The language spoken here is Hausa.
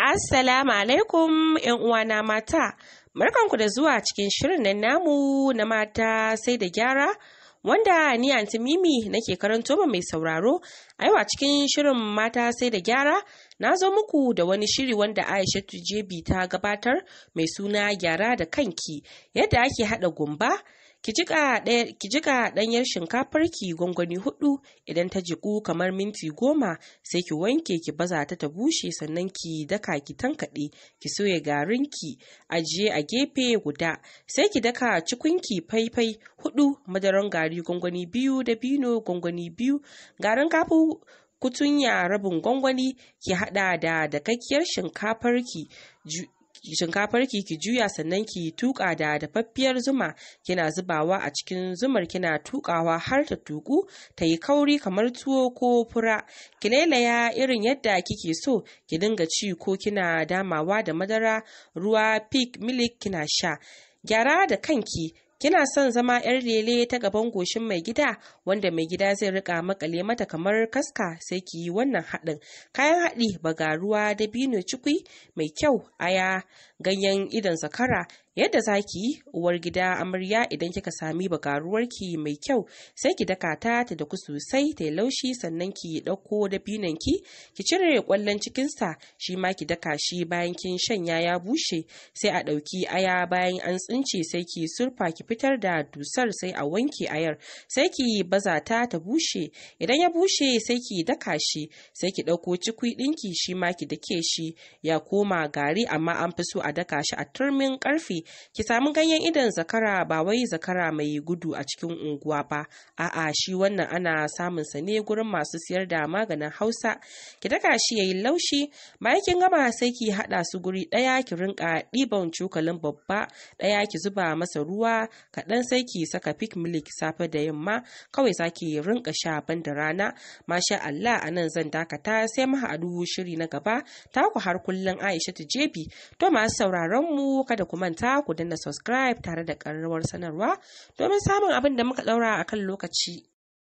Assalamu alaikum uwana mata, markanku da zuwa cikin shirin nan namu na mata sai da gyara wanda ni anti Mimi nake karanto ma mai sauraro, aiwa cikin shirin mata sai da gyara na zo muku da wani shiri wanda Aisha Tujebi ta gabatar mai suna gyara da kanki yadda ake haɗa gumba. ki jiƙa ɗanyar shinkafarki gwangwani hudu idan ta jiƙu kamar minti goma sai ki wanke ki baza ta ta bushe sannan ki daka ki tankaɗe ki soya garin ki ajiye a gefe guda sai ki daka ki faifai hudu madaran gari gwangwani biyu da bino gwangwani biyu garin kafu kutunya rabin gwangwani ki hada da dakakkiyar ki. shinkafar ki ki juya sannan ki tuka da dafaffiyar zuma kina zubawa a cikin zumar kina tukawa har ta tuku ta yi kauri kamar tuwo ko fura ki lailaya irin yadda kike so ki dinga ci ko kina damawa da madara ruwa pig milik kina sha gyara da kanki kina son zama yar lele ta gaban goshin mai gida wanda mai gida zai rika makale mata kamar kaska sai ki yi wannan haɗin kayan haɗi bagaruwa dabino cikui mai kyau aya ganyen idon zakara yadda za ki yi uwar gida amarya idan kika sami bakaruwarki mai kyau sai ki daka ta ta daku sosai ta laushi sannan ki ɗauko dabinon ki ki cire ƙwallon cikinsa shi ma ki daka shi bayan kin shanya ya bushe sai a ɗauki aya bayan an tsince sai ki surfa ki fitar da dusar sai a wanke ayar sai ki baza ta ta bushe idan ya bushe sai ki daka shi sai ki ɗauko cikwi ɗinki shi ma ki dake shi ya koma gari amma an fi so a daka shi a turmin ƙarfe ki samu ganyen idon zakara ba wai zakara mai gudu a cikin unguwa ba a'a shi wannan ana samun sa ne gurin masu siyar da maganin hausa ki daka shi yayi laushi bayan kin gama sai ki hada su guri daya ki rinka ɗiban cokalin babba daya ki zuba masa ruwa kaɗan sai ki saka pick milk safe da yamma kawai saki rinka sha ban da rana masha Allah anan zan dakata sai mu haɗu shiri na gaba Ta ku har kullum Aisha Jebi to masu sauraron mu kada ku manta manta ku danna subscribe tare da ƙararrawar sanarwa domin samun abin da muka daura akan lokaci.